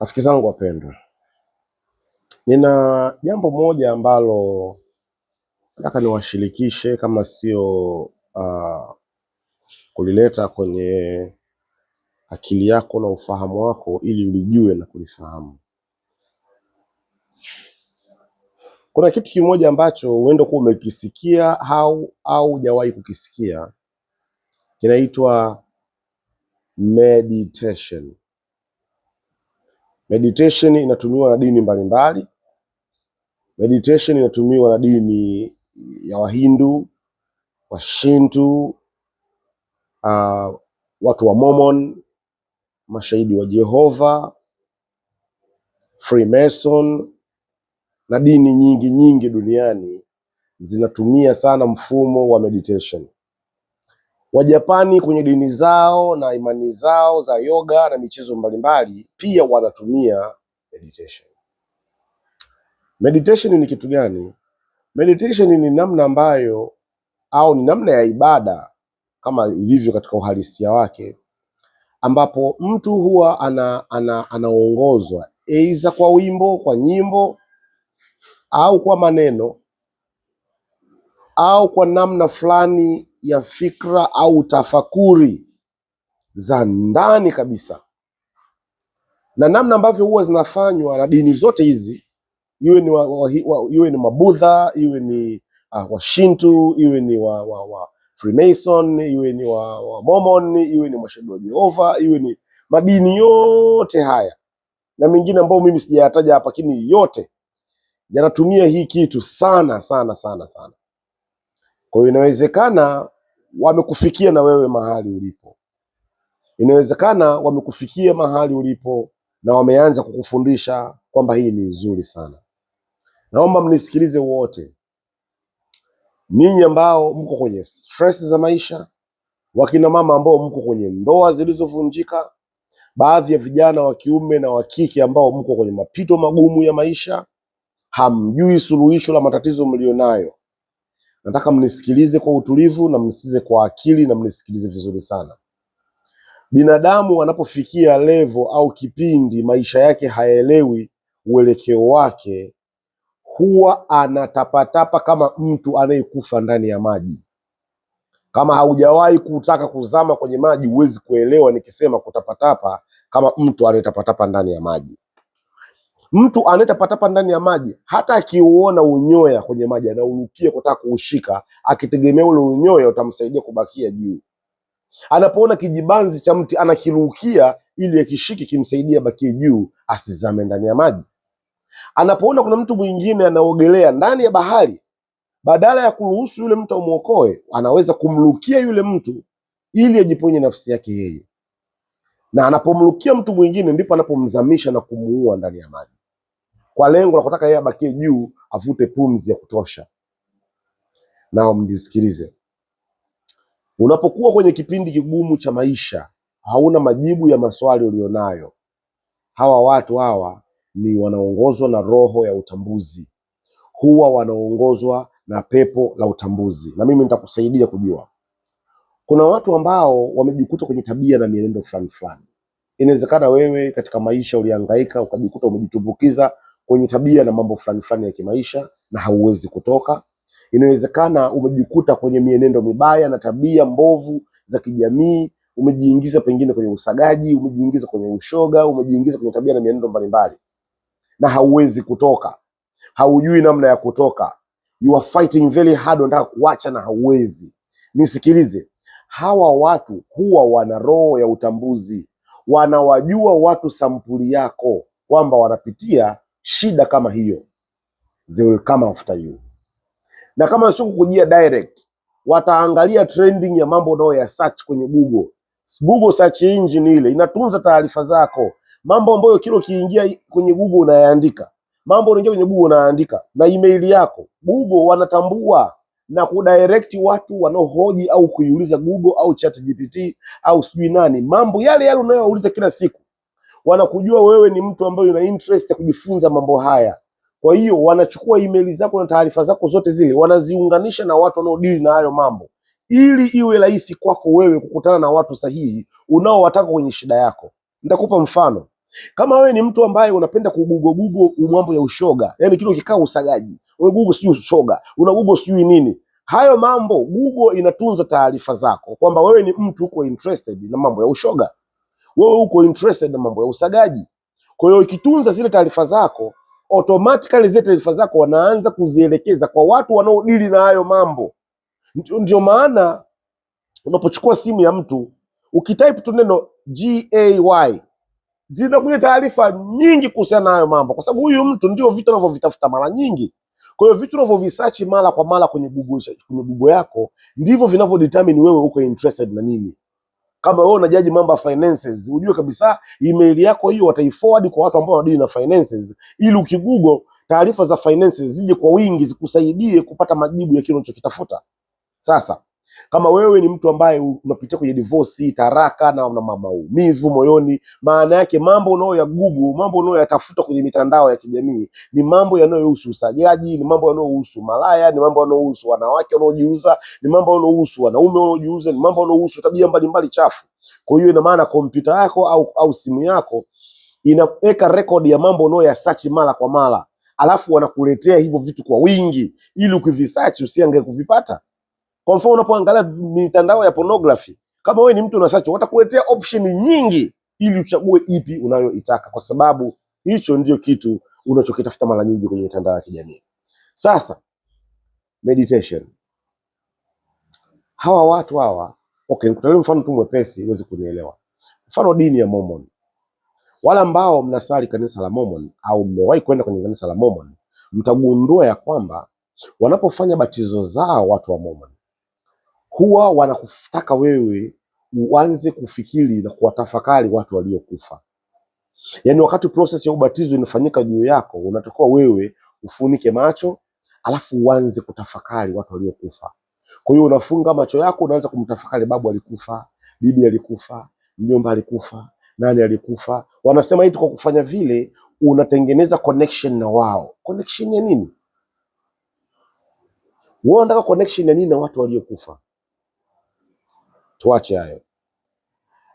Rafiki zangu wapendwa, nina jambo moja ambalo nataka niwashirikishe, kama sio uh, kulileta kwenye akili yako na ufahamu wako, ili ulijue na kulifahamu. Kuna kitu kimoja ambacho huenda kuwa umekisikia au au hujawahi kukisikia, kinaitwa meditation. Meditation inatumiwa na dini mbalimbali mbali. Meditation inatumiwa na dini ya Wahindu, Washintu, uh, watu wa Mormon, mashahidi wa Jehova, Freemason na dini nyingi nyingi duniani zinatumia sana mfumo wa meditation. Wajapani kwenye dini zao na imani zao za yoga na michezo mbalimbali pia wanatumia meditation. Meditation ni kitu gani? Meditation ni namna ambayo au ni namna ya ibada kama ilivyo katika uhalisia wake, ambapo mtu huwa anaongozwa ana, ana aidha kwa wimbo, kwa nyimbo au kwa maneno au kwa namna fulani ya fikra au tafakuri za ndani kabisa, na namna ambavyo huwa zinafanywa na dini zote hizi, iwe ni, wa, wa, wa, iwe ni Mabudha, iwe ni uh, Washintu, iwe ni wa, wa, wa Freemason, iwe ni wa, wa Mormon, iwe ni Mashahidi wa Jehova, iwe ni madini yote haya na mengine ambayo mimi sijayataja hapa, lakini yote yanatumia hii kitu sana sana sana sana. Kwa hiyo inawezekana wamekufikia na wewe mahali ulipo, inawezekana wamekufikia mahali ulipo na wameanza kukufundisha kwamba hii ni nzuri sana. Naomba mnisikilize wote ninyi ambao mko kwenye stress za maisha, wakina mama ambao mko kwenye ndoa zilizovunjika, baadhi ya vijana wa kiume na wa kike ambao mko kwenye mapito magumu ya maisha, hamjui suluhisho la matatizo mlionayo. Nataka mnisikilize kwa utulivu na mnisikilize kwa akili na mnisikilize vizuri sana. Binadamu anapofikia levo au kipindi maisha yake hayaelewi uelekeo wake, huwa anatapatapa kama mtu anayekufa ndani ya maji. Kama haujawahi kutaka kuzama kwenye maji, huwezi kuelewa nikisema kutapatapa kama mtu anayetapatapa ndani ya maji. Mtu anayetapatapa ndani ya maji, hata akiuona unyoya kwenye maji anaunukia kutaka kuushika, akitegemea ule unyoya utamsaidia kubakia juu. Anapoona kijibanzi cha mti anakirukia ili akishike kimsaidie bakie juu, asizame ndani ya maji. Anapoona kuna mtu mwingine anaogelea ndani ya bahari, badala ya kuruhusu yule mtu amuokoe, anaweza kumrukia yule mtu ili ajiponye nafsi yake yeye, na anapomrukia mtu mwingine ndipo anapomzamisha na kumuua ndani ya maji kwa lengo la kutaka yeye abakie juu, avute pumzi ya kutosha. Na mnisikilize, unapokuwa kwenye kipindi kigumu cha maisha, hauna majibu ya maswali ulionayo, hawa watu hawa ni wanaongozwa na roho ya utambuzi, huwa wanaongozwa na pepo la utambuzi, na mimi nitakusaidia kujua. Kuna watu ambao wamejikuta kwenye tabia na mienendo fulani fulani. Inawezekana wewe katika maisha uliangaika ukajikuta umejitumbukiza kwenye tabia na mambo fulani fulani ya kimaisha na hauwezi kutoka. Inawezekana umejikuta kwenye mienendo mibaya na tabia mbovu za kijamii, umejiingiza pengine kwenye usagaji, umejiingiza kwenye ushoga, umejiingiza kwenye tabia na mienendo mbalimbali, na hauwezi kutoka, haujui namna ya kutoka, you are fighting very hard, unataka kuacha na hauwezi. Nisikilize, hawa watu huwa wana roho ya utambuzi, wanawajua watu sampuli yako kwamba wanapitia shida kama hiyo, they will come after you. Na kama sio kukujia direct, wataangalia trending ya mambo unayo ya search kwenye Google. Google search engine ile inatunza taarifa zako, mambo ambayo kila ukiingia kwenye Google unayaandika, mambo unaingia kwenye Google unaandika na email yako, Google wanatambua na kudirect watu wanaohoji au kuiuliza Google au ChatGPT au sijui nani, mambo yale yale unayouliza kila siku wanakujua wewe ni mtu ambaye una interest ya kujifunza mambo haya. Kwa hiyo wanachukua email zako na taarifa zako zote zile wanaziunganisha na watu wanaodili na hayo mambo, ili iwe rahisi kwako wewe kukutana na watu sahihi unaowataka kwenye shida yako. Nitakupa mfano. Kama wewe ni mtu ambaye unapenda kugugo gugo mambo ya ushoga, yani kile kikao usagaji, gugo sijui ushoga, una gugo sijui nini, hayo mambo Google inatunza taarifa zako kwamba wewe ni mtu uko interested na mambo ya ushoga wewe uko interested na mambo ya usagaji. Kwa hiyo ukitunza zile taarifa zako automatically zile taarifa zako wanaanza kuzielekeza kwa watu wanaodili na hayo mambo. Ndio maana unapochukua simu ya mtu ukitype tu neno GAY zinakuja taarifa nyingi kuhusiana na hayo mambo, kwa sababu huyu mtu ndio vitu anavyovitafuta mara nyingi. Kwa hiyo vitu unavyovisearch mara kwa mara kwenye Google, kwenye Google yako ndivyo vinavyodetermine wewe uko interested na nini. Kama wewe unajaji mambo ya finances, ujue kabisa email yako hiyo wataiforward kwa watu ambao wanadili na finances, ili ukigugo taarifa za finances zije kwa wingi zikusaidie kupata majibu ya kile unachokitafuta. Sasa kama wewe ni mtu ambaye unapitia kwenye divorce, taraka na una maumivu moyoni, maana yake mambo unayoyagugu, mambo unayoyatafuta kwenye mitandao ya kijamii ni mambo yanayohusu usajaji, ni mambo yanayohusu malaya, ni mambo yanayohusu wanawake wanaojiuza, ni mambo yanayohusu wanaume wanaojiuza, ni mambo yanayohusu tabia mbalimbali chafu. Kwa hiyo ina maana kompyuta yako au, au simu yako inaweka rekodi ya mambo unayoyasachi mara kwa mara, alafu wanakuletea hivyo vitu kwa wingi ili ukivisearch usiange kuvipata. Kwa mfano unapoangalia mitandao ya pornography, kama wewe ni mtu una search, watakuletea option nyingi ili uchague ipi unayoitaka, kwa sababu hicho ndio kitu unachokitafuta mara nyingi kwenye mitandao ya kijamii. Sasa meditation, hawa watu hawa okay, nikutolee mfano tu mwepesi uweze kunielewa. Mfano dini ya Mormon, wala ambao mnasali kanisa la Mormon au mmewahi kwenda kwenye kanisa la Mormon, mtagundua ya kwamba wanapofanya batizo zao watu wa Mormon huwa wanakutaka wewe uanze kufikiri na kuwatafakari watu waliokufa. Yaani, wakati process ya ubatizo inafanyika juu yako, unatakiwa wewe ufunike macho, alafu uanze kutafakari watu waliokufa. Kwa hiyo unafunga macho yako, unaanza kumtafakari, babu alikufa, bibi alikufa, mjomba alikufa, nani alikufa. Wanasema hitu, kwa kufanya vile unatengeneza connection na wao. Connection ya nini? Wewe unataka connection ya nini na watu waliokufa? Tuache hayo.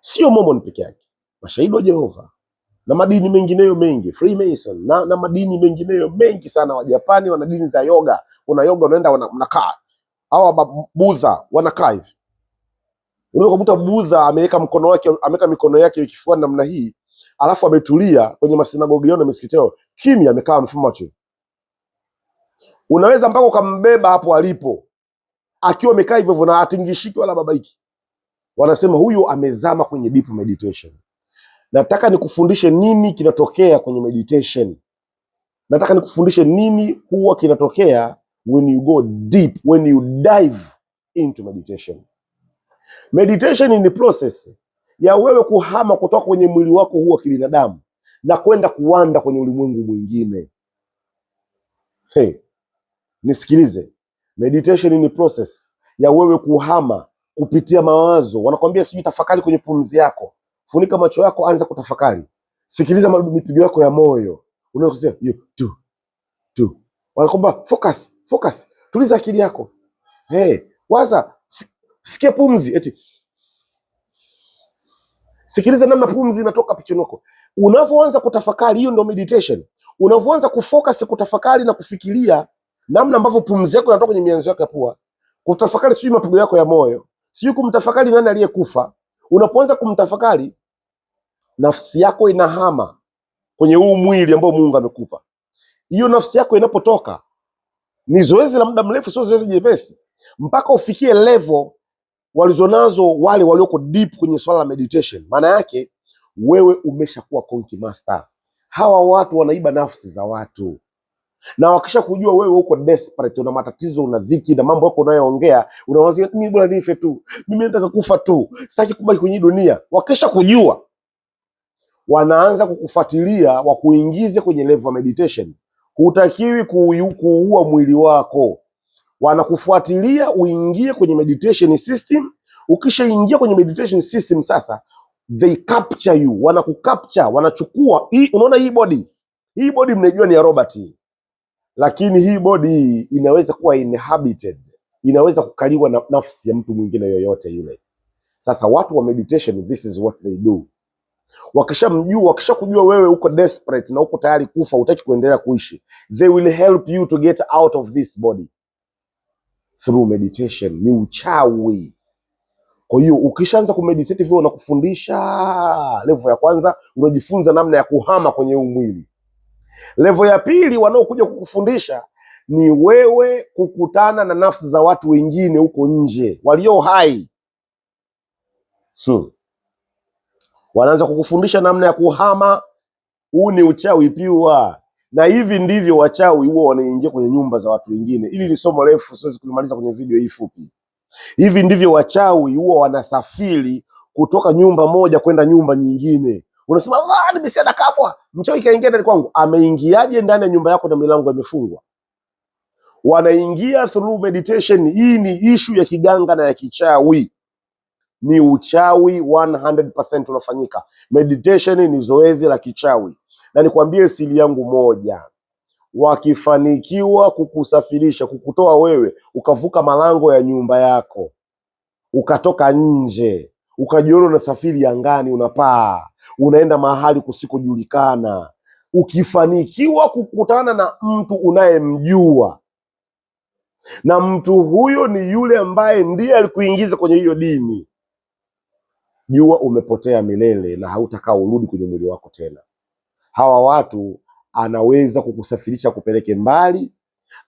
Sio Mormon peke yake, mashahidi wa Jehova na madini mengineyo mengi Freemason na, na madini mengineyo mengi sana. Wajapani wana dini za yoga, una yoga unaenda unakaa, au Budha wanakaa hivi. Unaweza kukuta Budha ameweka mkono wake ameweka mikono yake kifuani namna hii, alafu ametulia kwenye masinagogi na misikiti yao kimya, amekaa mfumo wake. Unaweza mpaka ukambeba hapo alipo akiwa amekaa hivyo na atingishiki wala babaiki wanasema huyu amezama kwenye deep meditation. Nataka nikufundishe nini kinatokea kwenye meditation. Nataka nikufundishe nini huwa kinatokea when you go deep, when you dive into meditation. Meditation ni process ya wewe kuhama kutoka kwenye mwili wako huu wa kibinadamu na kwenda kuwanda kwenye ulimwengu mwingine. Hey, nisikilize. Meditation ni process ya wewe kuhama kupitia mawazo, wanakwambia sijui tafakari kwenye pumzi yako, funika macho yako, anza kutafakari, sikiliza mapigo yako ya moyo, unayosema hiyo tu tu, wanakwambia focus, focus, tuliza akili yako, hey, waza, sikia pumzi, eti sikiliza namna pumzi inatoka pichonoko. Unavyoanza kutafakari, hiyo ndio meditation. Unavyoanza kufocus kutafakari na kufikiria namna ambavyo pumzi yako inatoka kwenye mianzo yako ya pua, kutafakari sijui mapigo yako ya moyo sijui kumtafakari nani aliyekufa. Unapoanza kumtafakari, nafsi yako inahama kwenye huu mwili ambao Mungu amekupa. Hiyo nafsi yako inapotoka, ni zoezi la muda mrefu, sio zoezi jepesi, mpaka ufikie level walizonazo wale walioko deep kwenye swala la meditation. Maana yake wewe umeshakuwa konki master. Hawa watu wanaiba nafsi za watu na wakisha kujua wewe uko desperate, una matatizo, una dhiki na mambo yako unayoongea, unawaza mimi bora nife tu, mimi nataka kufa tu, sitaki kubaki kwenye dunia. Wakisha kujua, wanaanza kukufuatilia wakuingize kwenye level ya meditation. Hutakiwi kuua mwili wako, wanakufuatilia uingie kwenye meditation system. Ukishaingia kwenye meditation system, sasa they capture you, wanakukapture, wanachukua. hii. Unaona hii body, hii body mnajua ni ya robot hii lakini hii bodi hii inaweza kuwa inhabited, inaweza kukaliwa na nafsi ya mtu mwingine yoyote yule. Sasa watu wa meditation, this is what they do. Wakishamjua, wakishakujua wewe uko desperate na uko tayari kufa, utaki kuendelea kuishi, they will help you to get out of this body through meditation. Ni uchawi. Kwa hiyo ukishaanza kumeditate, hivyo, unakufundisha level ya kwanza, unajifunza namna ya kuhama kwenye huu mwili Levo ya pili wanaokuja kukufundisha ni wewe kukutana na nafsi za watu wengine huko nje walio hai hmm. Wanaanza kukufundisha namna ya kuhama. Huu ni uchawi piwa, na hivi ndivyo wachawi huwa wanaingia kwenye nyumba za watu wengine. Hili ni somo refu, siwezi kulimaliza kwenye video hii fupi. Hivi ndivyo wachawi huwa wanasafiri kutoka nyumba moja kwenda nyumba nyingine. Unasema ah, nimesikia kabwa Mchawi kaingia ndani kwangu. Ameingiaje ndani ya nyumba yako na milango imefungwa? Wanaingia through meditation. Hii ni ishu ya kiganga na ya kichawi, ni uchawi 100% unafanyika. Meditation ni zoezi la kichawi, na nikwambie siri yangu moja, wakifanikiwa kukusafirisha, kukutoa wewe ukavuka malango ya nyumba yako ukatoka nje ukajiona unasafiri angani, unapaa, unaenda mahali kusikojulikana. Ukifanikiwa kukutana na mtu unayemjua na mtu huyo ni yule ambaye ndiye alikuingiza kwenye hiyo dini, jua umepotea milele na hautakaa urudi kwenye mwili wako tena. Hawa watu anaweza kukusafirisha kupeleke mbali,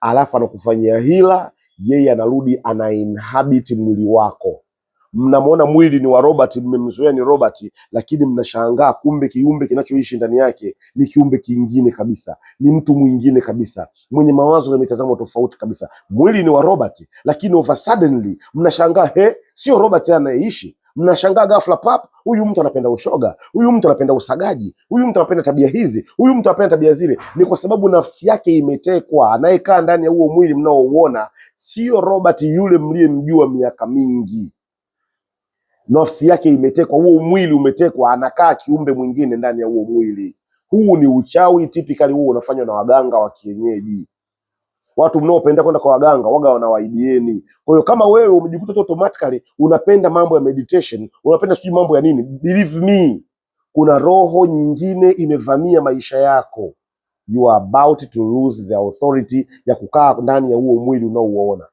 alafu anakufanyia hila, yeye anarudi anainhabiti mwili wako mnamwona mwili ni wa Robert, mmemzoea ni Robert, lakini mnashangaa kumbe kiumbe kinachoishi ndani yake ni kiumbe kingine kabisa, ni mtu mwingine kabisa, mwenye mawazo na mitazamo tofauti kabisa. Mwili ni wa Robert, lakini over suddenly mnashangaa he, sio Robert anayeishi mnashangaa ghafla pap, huyu mtu anapenda ushoga, huyu mtu anapenda usagaji, huyu mtu anapenda tabia hizi, huyu mtu anapenda tabia zile. Ni kwa sababu nafsi yake imetekwa. Anayekaa ndani ya huo mwili mnaouona sio Robert yule mliyemjua miaka mingi nafsi yake imetekwa, huo mwili umetekwa, anakaa kiumbe mwingine ndani ya huo mwili. Huu ni uchawi typically, huo unafanywa na waganga wa kienyeji. Watu mnaopenda kwenda kwa waganga waga wanawaidieni. Kwa hiyo kama wewe umejikuta tu automatically unapenda mambo ya meditation, unapenda sijui mambo ya nini, believe me, kuna roho nyingine imevamia maisha yako. You are about to lose the authority ya kukaa ndani ya huo mwili unaouona,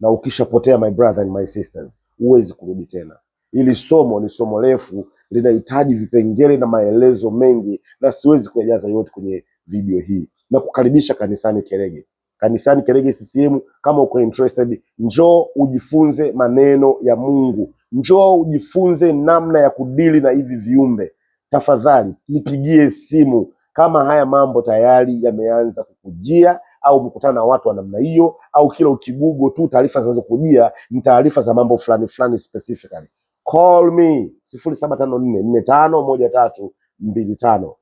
na ukishapotea, my brother and my sisters, huwezi kurudi tena. Hili somo ni somo refu, linahitaji vipengele na maelezo mengi, na siwezi kuyajaza yote kwenye video hii, na kukaribisha kanisani Kerege. Kanisani Kerege CCM, kama uko interested, njoo ujifunze maneno ya Mungu, njoo ujifunze namna ya kudili na hivi viumbe. Tafadhali nipigie simu kama haya mambo tayari yameanza kukujia au mkutana na watu wa namna hiyo, au kila ukigugo tu taarifa zinazokujia ni taarifa za mambo fulani fulani specifically call me sifuri saba tano tano moja tatu mbili tano.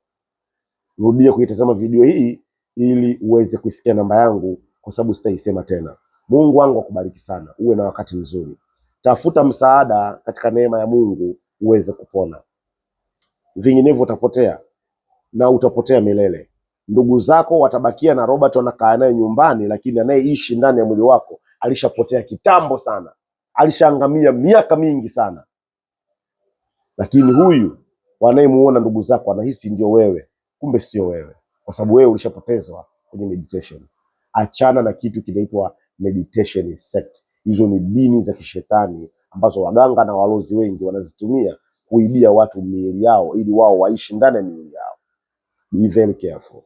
Rudia kuitazama video hii ili uweze kuisikia namba yangu, kwa sababu sitaisema tena. Mungu wangu akubariki sana, uwe na wakati mzuri, tafuta msaada katika neema ya Mungu uweze kupona, vinginevyo utapotea na utapotea milele. Ndugu zako watabakia na Robert wanakaa naye nyumbani, lakini anayeishi ndani ya mwili wako alishapotea kitambo sana, alishaangamia miaka mingi sana. Lakini huyu wanayemuona ndugu zako anahisi ndio wewe, kumbe sio wewe, kwa sababu wewe ulishapotezwa kwenye meditation. Achana na kitu kinaitwa meditation sect. Hizo ni dini za kishetani ambazo waganga na walozi wengi wanazitumia kuibia watu miili yao ili wao waishi ndani ya miili yao. Be very careful.